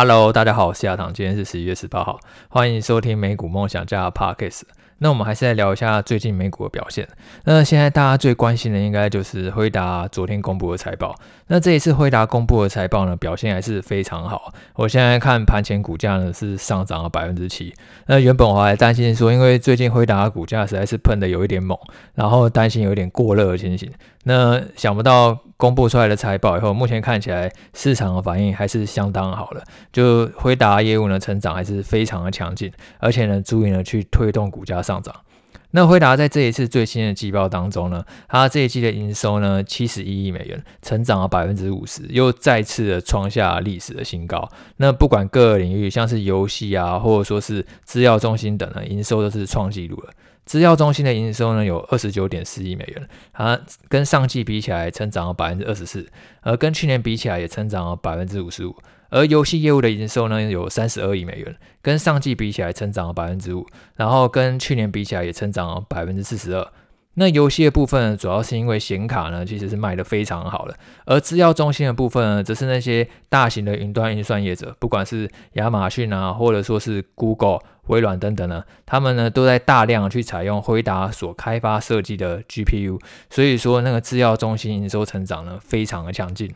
Hello，大家好，我是亞堂，今天是十一月十八號，歡迎收聽美股夢想家 Podcast。那我們還是來聊一下最近美股的表現。那現在大家最關心的應該就是輝達昨天公布的財報。那這一次輝達公布的財報呢，表現還是非常好。我現在看盤前股價呢是上漲了百分之七。那原本我還擔心說，因為最近輝達股價實在是噴得有一點猛，然後擔心有一點過熱的情形。那想不到公布出來的財報以後，目前看起來市場的反應還是相當好的。就輝達業務呢成長還是非常的強勁，而且呢足以呢去推動股價。上漲。那輝達在這一次最新的季報當中呢，它這一季的營收呢，七十一億美元，成長了百分之五十，又再次的創下歷史的新高。那不管各個領域，像是遊戲啊，或者說是資料中心等呢，營收都是創紀錄了。資料中心的營收呢有二十九點四億美元，它跟上季比起來成長了百分之二十四，而跟去年比起來也增長了百分之五十五。而遊戲業務的營收呢，有三十二億美元，跟上季比起來增長了百分之五，然後跟去年比起來也增長了百分之四十二。那遊戲的部分主要是因為顯卡呢，其實是賣的非常好的，而資料中心的部分呢，則是那些大型的雲端運算業者，不管是亞馬遜啊，或者說是 Google、微軟等等呢，他們呢都在大量去採用輝達所開發設計的 GPU，所以說那個資料中心營收成長呢，非常的強勁。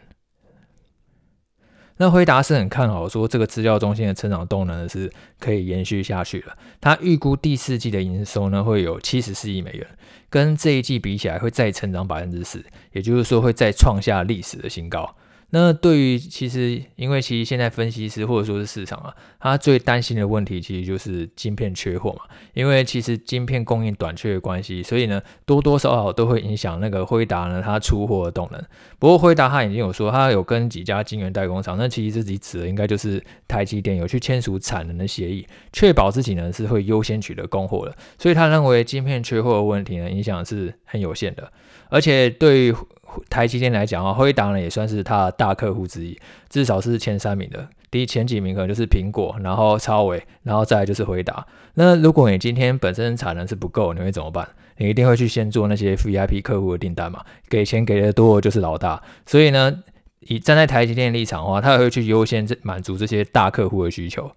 那輝達是很看好，說這個資料中心的成長動能呢，是可以延續下去了，他預估第四季的營收呢，會有七十四億美元，跟這一季比起來會再成長百分之十，也就是說會再創下歷史的新高。那對於其實，因為其實現在分析師或者說是市場啊，他最擔心的問題其實就是晶片缺貨嘛。因為其實晶片供應短缺的關係，所以呢多多少少都會影響那個輝達呢它出貨的動能。不過輝達他已經有說，他有跟幾家晶圓代工廠，那其實自己指的應該就是台積電，有去簽署產能的協議，確保自己呢是會優先取得供貨的。所以他認為晶片缺貨的問題呢影響是很有限的。而且對於台積電來講啊，輝達呢也算是它的大客戶之一，至少是前三名的。第一前幾名可能就是蘋果，然後超微，然後再來就是輝達。那如果你今天本身產能是不夠，你會怎麼辦？你一定會去先做那些 VIP 客戶的訂單嘛，給錢給的多就是老大。所以呢，以站在台積電立場的話，他也會去優先這滿足這些大客戶的需求。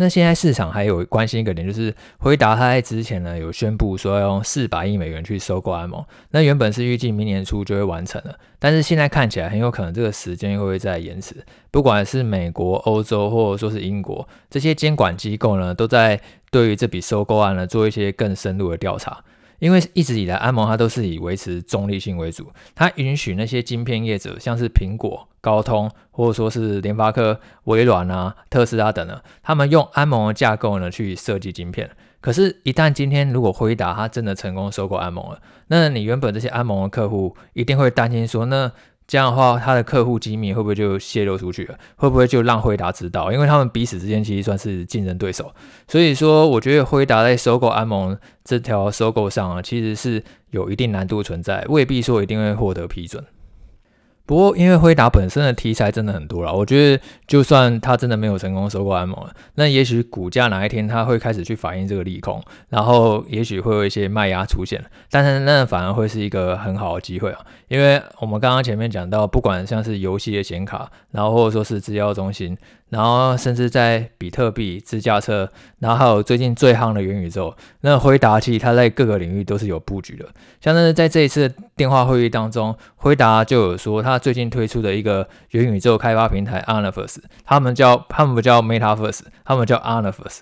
那現在市場還有關心一個點，就是輝達，他在之前呢有宣布說要用四百億美元去收購 ARM。那原本是預計明年初就會完成了，但是現在看起來很有可能這個時間又會,會再延遲。不管是美國、歐洲或者說是英國這些監管機構呢，都在對於這筆收購案呢做一些更深入的調查。因為一直以來，安盟它都是以維持中立性為主，它允許那些晶片業者，像是蘋果、高通，或者說是聯發科、微軟啊、特斯拉等等，他們用安盟的架構呢去設計晶片。可是，一旦今天如果輝達它真的成功收購安盟了，那你原本這些安盟的客戶一定會擔心說，那。這樣的話，他的客戶機密會不會就泄露出去了？會不會就讓輝達知道？因為他們彼此之間其實算是競爭對手，所以說我覺得輝達在收購安謀這條收購上啊，其實是有一定難度存在，未必說一定會獲得批准。不過，因為輝達本身的題材真的很多啦，我覺得就算他真的沒有成功收購安盟，那也許股價哪一天他會開始去反映這個利空，然後也許會有一些賣壓出現，但是那反而會是一個很好的機會啊，因為我們剛剛前面講到，不管像是遊戲的顯卡，然後或者說是資料中心。然後，甚至在比特幣、自駕車，然後還有最近最夯的元宇宙，那輝達其實它在各個領域都是有布局的。像是在這一次的電話會議當中，輝達就有說，他最近推出的一個元宇宙開發平台 Omniverse，他們叫他們不叫 Metaverse，他們叫 Omniverse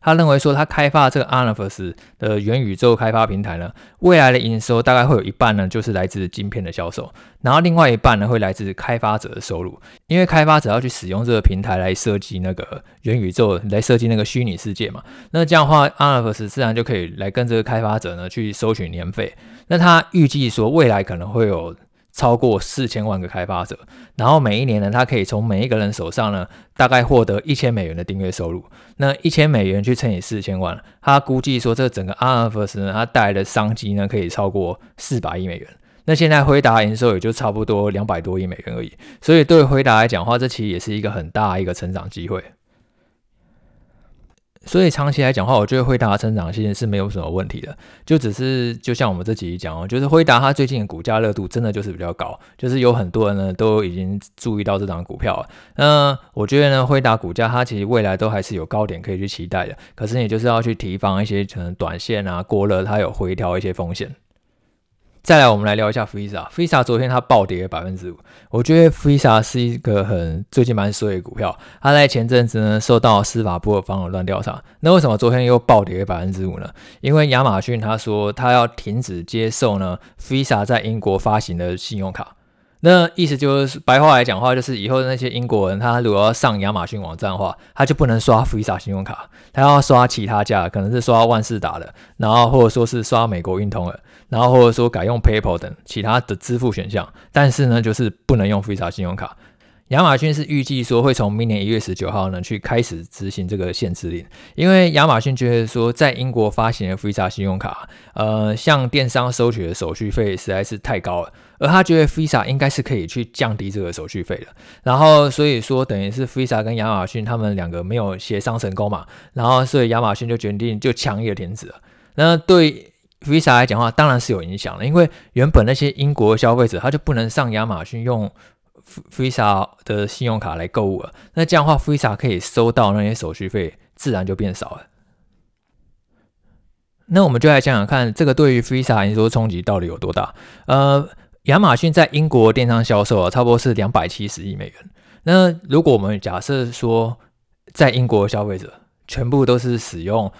他認為說，他開發這個 Omniverse 的元宇宙開發平台呢，未來的營收大概會有一半呢，就是來自晶片的銷售，然後另外一半呢，會來自開發者的收入，因為開發者要去使用這個平台來設計那個元宇宙，來設計那個虛擬世界嘛。那這樣的話，Omniverse 自然就可以來跟這個開發者呢去收取年費。那他預計說，未來可能會有超過四千萬個開發者，然後每一年呢，他可以從每一個人手上呢，大概獲得一千美元的訂閱收入。那一千美元去乘以四千萬，他估計說，這整個 Omniverse 呢，它帶來的商機呢，可以超過四百億美元。那現在輝達營收也就差不多兩百多億美元而已。所以對輝達來講的話，這其實也是一個很大一個成長機會。所以長期來講的話，我覺得輝達成長性是沒有什麼問題的，就只是就像我們這集講哦，就是輝達它最近的股價熱度真的就是比較高，就是有很多人呢都已經注意到這檔股票了。那我覺得呢，輝達股價它其實未來都還是有高點可以去期待的，可是你就是要去提防一些可能短線啊過熱它有回調一些風險。再來，我們來聊一下 Visa。Visa 昨天它暴跌了百分之五，我覺得 Visa 是一個很最近蠻衰的股票。它在前陣子呢受到司法部的反壟斷調查，那為什麼昨天又暴跌了百分之五呢？因為亞馬遜他說他要停止接受呢 Visa 在英國發行的信用卡。那意思就是，白話來講的話，就是以後那些英國人，他如果要上亞馬遜網站的話，他就不能刷 Visa 信用卡，他要刷其他家，可能是刷萬事達的，然後或者說是刷美國運通的，然後或者說改用 PayPal 等其他的支付選項，但是呢，就是不能用 Visa 信用卡。亞馬遜是預計說會從明年一月十九號呢去開始執行這個限制令，因為亞馬遜覺得說在英國發行的 Visa 信用卡，呃，向電商收取的手續費實在是太高了，而他覺得 Visa 應該是可以去降低這個手續費的。然後所以說等於是 Visa 跟亞馬遜他們兩個沒有協商成功嘛，然後所以亞馬遜就決定就強硬停止了。那對 Visa 來講的話當然是有影響了，因為原本那些英國消費者他就不能上亞馬遜用 VISA 的信用卡來購物了，那這樣的話，VISA 可以收到那些手續費，自然就變少了。那我們就來想想看，這個對於 VISA 來說衝擊到底有多大？呃，亞馬遜在英國電商銷售啊，差不多是兩百七十億美元。那如果我們假設說，在英國的消費者全部都是使用。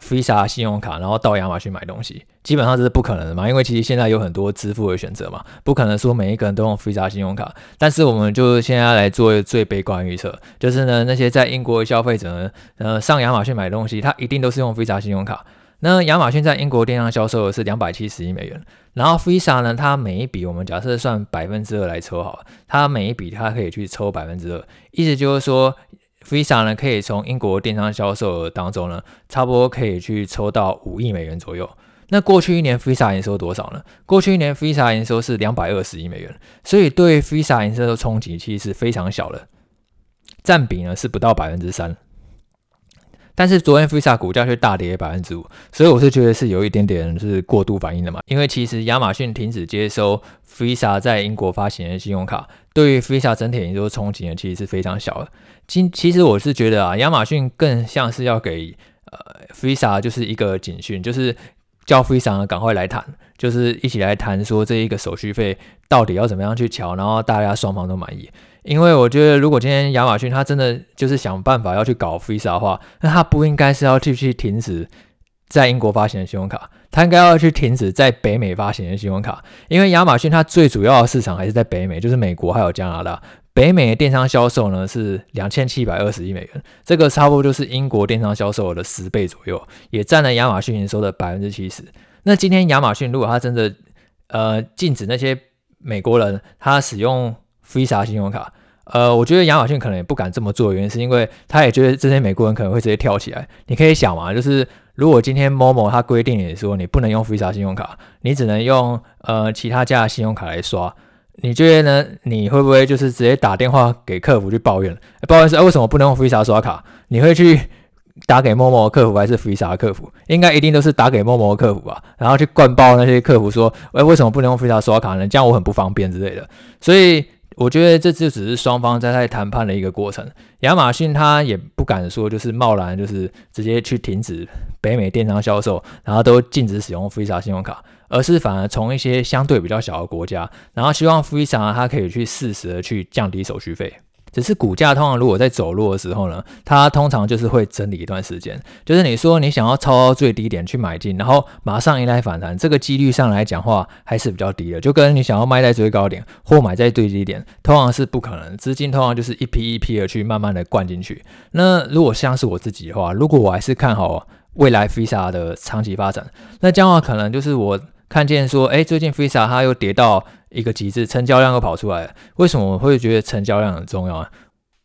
Visa 信用卡，然後到亞馬遜買東西，基本上這是不可能的嘛。因為其實現在有很多支付的選擇嘛，不可能說每一個人都用 Visa 信用卡。但是我們就現在來做一個最悲觀預測，就是呢，那些在英國的消費者呢，呃，上亞馬遜買東西，他一定都是用 Visa 信用卡。那亞馬遜在英國電商銷售的是兩百七十億美元，然後 Visa 呢，它每一筆我們假設算百分之二來抽好了，它每一筆它可以去抽百分之二，意思就是說。VISA 呢，可以從英國電商銷售額當中呢，差不多可以去抽到五億美元左右。那過去一年 VISA 營收多少呢？過去一年 VISA 營收是兩百二十億美元，所以對 VISA 營收的衝擊其實是非常小的，占比呢是不到百分之三。但是昨天 Visa 股價卻大跌百分之五，所以我是覺得是有一點點是過度反應的嘛。因為其實亞馬遜停止接收 Visa 在英國發行的信用卡，對於 Visa 整體營收衝擊呢，其實是非常小的。其其實我是覺得啊，亞馬遜更像是要給呃 Visa 就是一個警訊，就是叫 Visa 趕快來談，就是一起來談說這一個手續費到底要怎麼樣去喬，然後大家雙方都滿意。因為我覺得，如果今天亞馬遜它真的就是想辦法要去搞 Visa 的話，那它不應該是要去去停止在英國發行的信用卡，它應該要去停止在北美發行的信用卡。因為亞馬遜它最主要的市場還是在北美，就是美國還有加拿大。北美的電商銷售呢，是兩千七百二十億美元，這個差不多就是英國電商銷售額的十倍左右，也佔了亞馬遜營收的百分之七十。那今天亞馬遜如果它真的呃禁止那些美國人他使用 Visa 信用卡，呃，我覺得亞馬遜可能也不敢這麼做，原因是因為他也覺得這些美國人可能會直接跳起來。你可以想嘛，就是如果今天 Momo 他規定你說你不能用 Visa 信用卡，你只能用呃其他家的信用卡來刷，你覺得呢？你會不會就是直接打電話給客服去抱怨？抱怨是、欸、為什麼不能用 Visa 刷卡？你會去打給 Momo 的客服還是 Visa 客服？應該一定都是打給 Momo 的客服吧？然後去灌爆那些客服說，哎、欸，為什麼不能用 Visa 刷卡呢？這樣我很不方便之類的。所以。我覺得這就只是雙方在在談判的一個過程。亞馬遜它也不敢說就是貿然就是直接去停止北美電商銷售，然後都禁止使用 Visa 信用卡，而是反而從一些相對比較小的國家，然後希望 Visa 它可以去適時的去降低手續費。只是股價通常如果在走弱的時候呢，它通常就是會整理一段時間。就是你說你想要抄到最低點去買進，然後馬上迎來反彈，這個幾率上來講話還是比較低的。就跟你想要賣在最高點或買在最低點，通常是不可能。資金通常就是一批一批的去慢慢的灌進去。那如果像是我自己的話，如果我還是看好未來 Visa 的長期發展，那這樣的話可能就是我。看見說，哎，最近 VISA 它又跌到一個極致，成交量又跑出來了。為什麼我會覺得成交量很重要啊？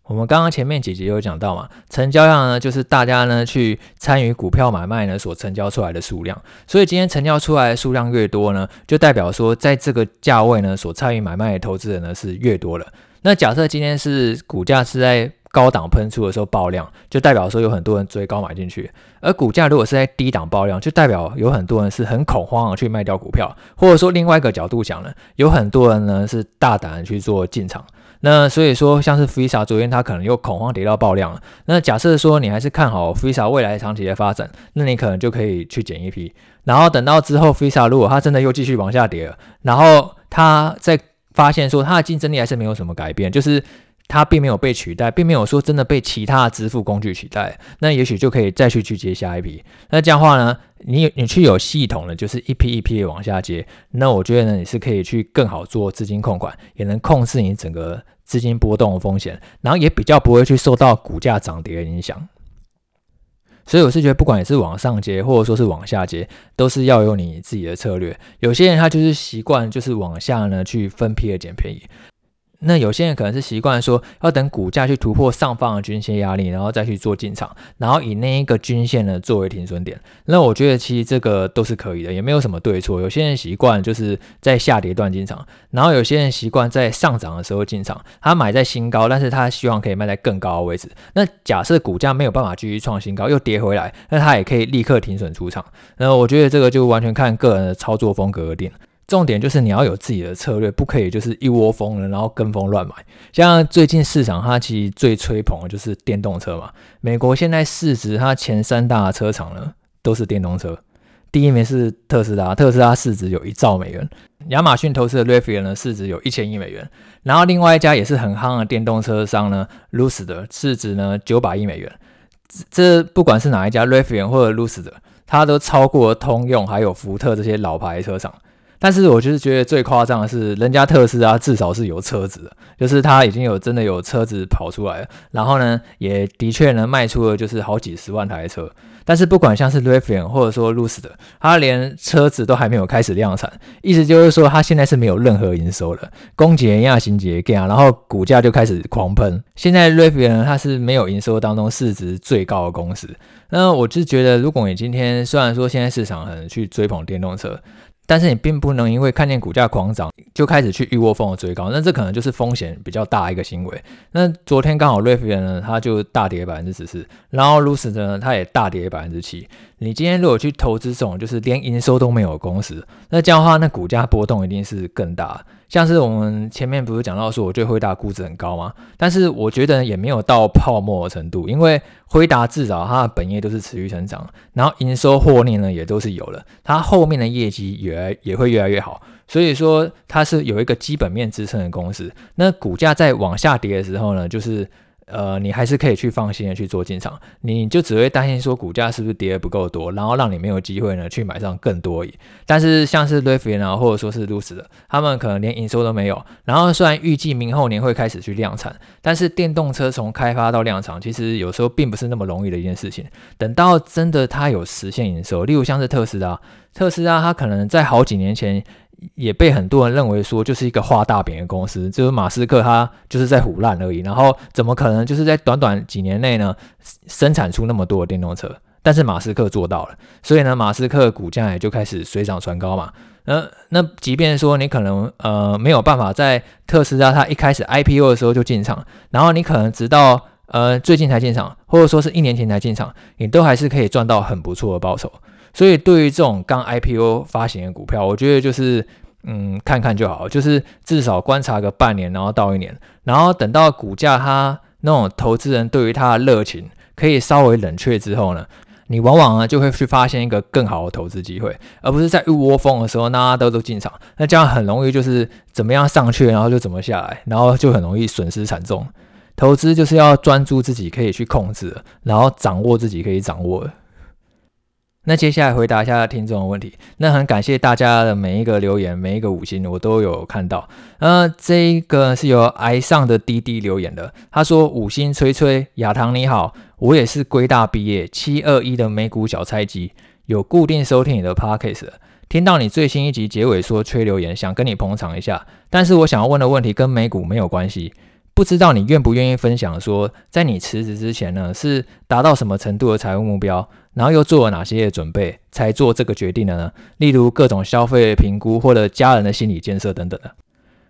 我們剛剛前面幾集有講到嘛，成交量呢就是大家呢去參與股票買賣呢所成交出來的數量。所以今天成交出來的數量越多呢，就代表說在這個價位呢所參與買賣的投資人呢是越多了。那假設今天是股價是在。高檔噴出的時候爆量，就代表說有很多人追高買進去；而股價如果是在低檔爆量，就代表有很多人是很恐慌而去賣掉股票，或者說另外一個角度講呢，有很多人呢是大膽去做進場。那所以說，像是 Visa 昨天它可能又恐慌跌到爆量了。那假設說你還是看好 Visa 未來長期的發展，那你可能就可以去撿一批。然後等到之後 Visa 如果它真的又繼續往下跌了，然後它再發現說它的競爭力還是沒有什麼改變，就是。它並沒有被取代，並沒有說真的被其他支付工具取代，那也許就可以再去去接下一批。那這樣的話呢，你你去有系統的就是一批一批的往下接。那我覺得呢，你是可以去更好做資金控管，也能控制你整個資金波動的風險，然後也比較不會去受到股價漲跌的影響。所以我是覺得，不管你是往上接，或者說是往下接，都是要有你自己的策略。有些人他就是習慣，就是往下呢去分批的撿便宜。那有些人可能是習慣說要等股價去突破上方的均線壓力，然後再去做進場，然後以那一個均線呢作為停損點。那我覺得其實這個都是可以的，也沒有什麼對錯。有些人習慣就是在下跌段進場，然後有些人習慣在上漲的時候進場，他買在新高，但是他希望可以賣在更高的位置。那假設股價沒有辦法繼續創新高，又跌回來，那他也可以立刻停損出場。那我覺得這個就完全看個人的操作風格而定。重點就是你要有自己的策略，不可以就是一窩蜂的，然後跟風亂買。像最近市場它其實最吹捧的就是電動車嘛。美國現在市值它前三大的車廠呢都是電動車，第一名是特斯拉，特斯拉市值有一兆美元。亞馬遜投資的 Rivian 呢市值有一千億美元，然後另外一家也是很夯的電動車商呢 Lucid 市值呢九百億美元。這不管是哪一家 Rivian 或者 Lucid，它都超過通用還有福特這些老牌車廠。但是我就是覺得最誇張的是，人家特斯拉啊，至少是有車子的，就是他已經有真的有車子跑出來了。然後呢，也的確呢賣出了就是好幾十萬台車。但是不管像是 Rivian 或者說 Lucid，他連車子都還沒有開始量產，意思就是說他現在是沒有任何營收了。公擊亞星捷 g e 然後股價就開始狂噴。現在 Rivian 呢，它是沒有營收當中市值最高的公司。那我就覺得，如果你今天雖然說現在市場很去追捧電動車，但是你並不能因為看見股價狂漲就開始去一窩蜂的追高，那這可能就是風險比較大一個行為。那昨天剛好 Rivian 呢，它就大跌百分之十四，然後 Lucid 呢，它也大跌百分之七。你今天如果去投資這種就是連營收都沒有的公司，那這樣的話，那股價波動一定是更大。像是我們前面不是講到說，我覺得輝達估值很高嗎？但是我覺得也沒有到泡沫的程度，因為輝達至少它的本業都是持續成長，然後營收、獲利呢也都是有了，它後面的業績也也會越來越好，所以說它是有一個基本面支撐的公司。那股價在往下跌的時候呢，就是。呃，你還是可以去放心的去做進場，你就只會擔心說股價是不是跌得不夠多，然後讓你沒有機會呢去買上更多而已。但是像是 Rivian 啊，或者說是 Lucid，他們可能連營收都沒有。然後雖然預計明後年會開始去量產，但是電動車從開發到量產，其實有時候並不是那麼容易的一件事情。等到真的它有實現營收，例如像是特斯拉，特斯拉它可能在好幾年前。也被很多人認為說，就是一個畫大餅的公司，就是馬斯克他就是在唬爛而已。然後怎麼可能就是在短短幾年內呢，生產出那麼多的電動車？但是馬斯克做到了，所以呢，馬斯克的股價也就開始水漲船高嘛。那那即便說你可能呃沒有辦法在特斯拉它一開始 IPO 的時候就進場，然後你可能直到。呃，最近才進場，或者說是一年前才進場，你都還是可以賺到很不錯的報酬。所以對於這種剛 IPO 發行的股票，我覺得就是嗯，看看就好，就是至少觀察個半年，然後到一年，然後等到股價它那種投資人對於它的熱情可以稍微冷卻之後呢，你往往啊就會去發現一個更好的投資機會，而不是在一窩蜂的時候，那大家都都進場，那這樣很容易就是怎麼樣上去，然後就怎麼下來，然後就很容易損失慘重。投資就是要專注自己可以去控制，然後掌握自己可以掌握。那接下來回答一下聽眾的問題。那很感謝大家的每一個留言，每一個五星，我都有看到。那、呃、這個是由哀上的滴滴留言的，他說：“五星吹吹亞唐你好，我也是歸大畢業七二一的美股小菜雞，有固定收聽你的 podcast，聽到你最新一集結尾說吹留言，想跟你捧場一下。但是我想要問的問題跟美股沒有關係。”不知道你願不願意分享，說在你辭職之前呢，是達到什麼程度的財務目標，然後又做了哪些準備，才做這個決定的呢？例如各種消費評估，或者家人的心理建設等等的。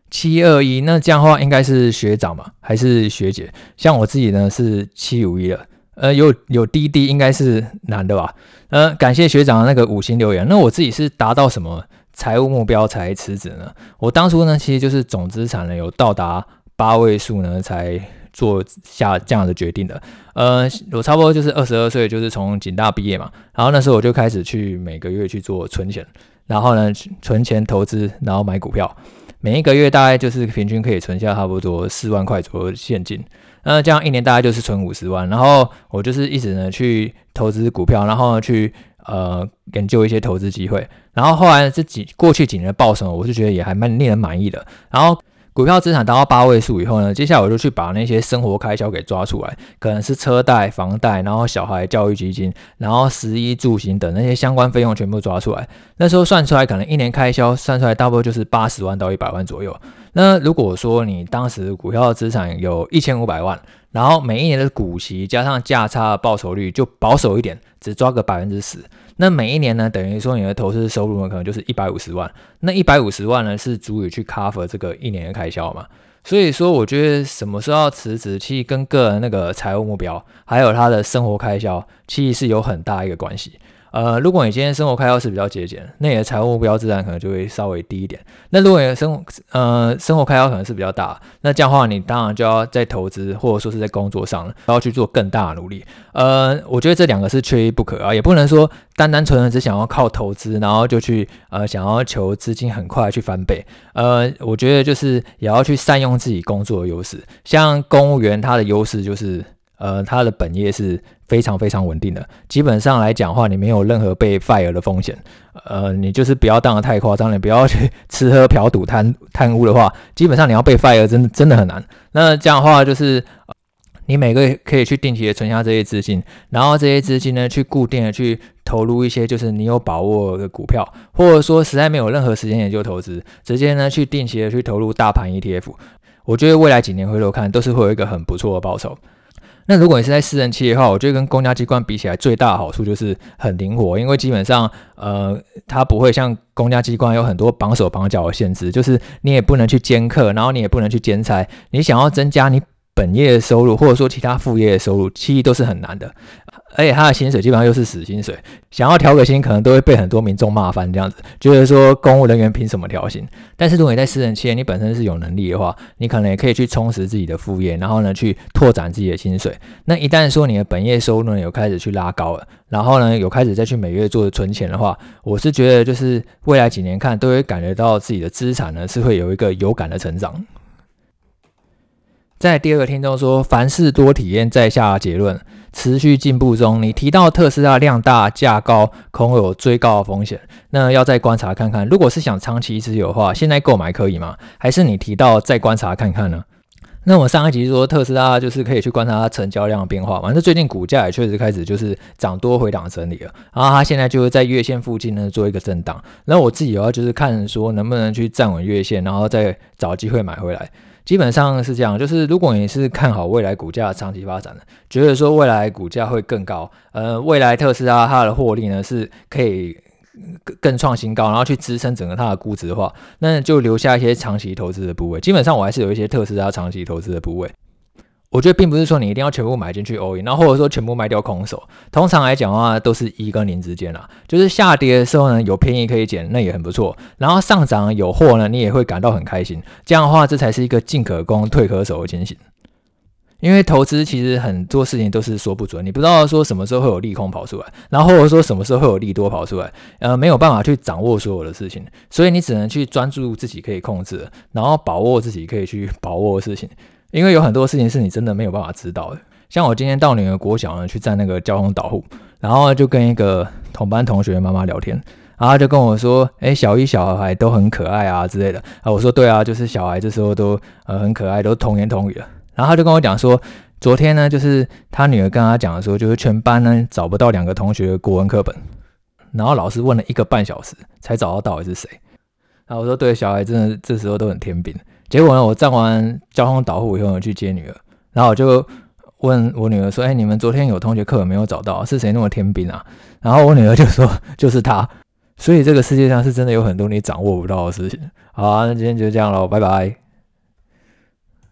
七二一，那這樣的話應該是學長嘛，還是學姐？像我自己呢是七五一了。呃，有有滴滴，應該是男的吧？嗯、呃，感謝學長的那個五星留言。那我自己是達到什麼財務目標才辭職呢？我當初呢其實就是總資產呢有到達。八位數呢，才做下這樣的決定的。呃，我差不多就是二十二歲，就是從警大畢業嘛。然後那時候我就開始去每個月去做存錢，然後呢存錢投資，然後買股票。每一個月大概就是平均可以存下差不多四萬塊左右的現金。那這樣一年大概就是存五十萬。然後我就是一直呢去投資股票，然後呢去呃研究一些投資機會。然後後來這幾過去幾年的報酬，我是覺得也還蠻令人滿意的。然後。股票資產達到八位數以後呢，接下來我就去把那些生活開銷給抓出來，可能是車貸、房貸，然後小孩教育基金，然後食衣住行等那些相關費用全部抓出來。那時候算出來，可能一年開銷算出來，大部分就是八十萬到一百萬左右。那如果說你當時股票的資產有一千五百萬，然後每一年的股息加上價差的報酬率，就保守一點，只抓個百分之十。那每一年呢，等於說你的投資收入呢，可能就是一百五十萬。那一百五十萬呢，是足以去 cover 這個一年的開銷嘛？所以說，我覺得什麼時候要辭職，其實跟個人那個財務目標，還有他的生活開銷，其實是有很大一個關係。呃，如果你今天生活開銷是比較節儉，那你的財務目標自然可能就會稍微低一點。那如果你的生活，呃，生活開銷可能是比較大，那這樣的話，你當然就要在投資或者說是在工作上，要去做更大的努力。呃，我覺得這兩個是缺一不可啊，也不能說單單純只想要靠投資，然後就去呃想要求資金很快去翻倍。呃，我覺得就是也要去善用自己工作的優勢，像公務員他的優勢就是。呃，它的本業是非常非常穩定的，基本上來講的話，你沒有任何被 fire 的風險。呃，你就是不要當得太誇張，你不要去吃喝嫖賭貪貪污的話，基本上你要被 fire 真的真的很難。那這樣的話，就是、呃、你每個月可以去定期的存下這些資金，然後這些資金呢去固定的去投入一些就是你有把握的股票，或者說實在沒有任何時間研究投資，直接呢去定期的去投入大盤 ETF。我覺得未來幾年回頭看都是會有一個很不錯的報酬。那如果你是在私人企業的話，我覺得跟公家機關比起來，最大的好處就是很靈活，因為基本上，呃，它不會像公家機關有很多綁手綁腳的限制，就是你也不能去兼課，然後你也不能去兼差，你想要增加你。本業的收入或者說其他副業的收入，其實都是很難的，而且他的薪水基本上又是死薪水，想要調個薪，可能都會被很多民眾罵翻。這樣子，覺得說公務人員憑什麼調薪？但是如果你在私人企業，你本身是有能力的話，你可能也可以去充實自己的副業，然後呢，去拓展自己的薪水。那一旦說你的本業收入呢，有開始去拉高了，然後呢，有開始再去每月做存錢的話，我是覺得就是未來幾年看都會感覺到自己的資產呢是會有一個有感的成長。在第二個聽眾說：“凡事多體驗再下結論，持續進步中。”你提到特斯拉量大價高，恐有追高的風險，那要再觀察看看。如果是想長期持有的話，現在購買可以嗎？還是你提到再觀察看看呢？那我上一集說特斯拉就是可以去觀察它成交量的變化，反正最近股價也確實開始就是漲多回檔整理了，然後它現在就是在月線附近呢做一個震盪。那我自己的話就是看說能不能去站穩月線，然後再找機會買回來。基本上是這樣，就是如果你是看好未來股價長期發展的，覺得說未來股價會更高，呃，未來特斯拉它的獲利呢，是可以更創新高，然後去支撐整個它的估值的話，那就留下一些長期投資的部位。基本上我還是有一些特斯拉長期投資的部位。我覺得並不是說你一定要全部買進去 all in，然後或者說全部賣掉空手。通常來講的話，都是一跟零之間啦。就是下跌的時候呢，有便宜可以撿，那也很不錯。然後上漲有貨呢，你也會感到很開心。這樣的話，這才是一個進可攻、退可守的情形。因為投資其實很多事情都是說不準，你不知道說什麼時候會有利空跑出來，然後或者說什麼時候會有利多跑出來。呃，沒有辦法去掌握所有的事情，所以你只能去專注自己可以控制，然後把握自己可以去把握的事情。因為有很多事情是你真的沒有辦法知道的，像我今天到女兒國小呢去站那個交通導護，然後就跟一個同班同學的媽媽聊天，然後她就跟我說：“哎，小一小孩都很可愛啊之類的。”啊，我說：“對啊，就是小孩這時候都呃很可愛，都童言童語了。”然後他就跟我講說：“昨天呢，就是他女兒跟他講的時候，就是全班呢找不到兩個同學的國文課本，然後老師問了一個半小時才找到到底是誰。”然後我說：“對，小孩真的這時候都很天兵。”結果呢？我站完交通導護以後呢，我去接女兒，然後我就問我女兒說：“哎、欸，你們昨天有同學課沒有找到？是誰那麼天兵啊？”然後我女兒就說：“就是他。”所以這個世界上是真的有很多你掌握不到的事情。好啊，那今天就這樣嘍，拜拜。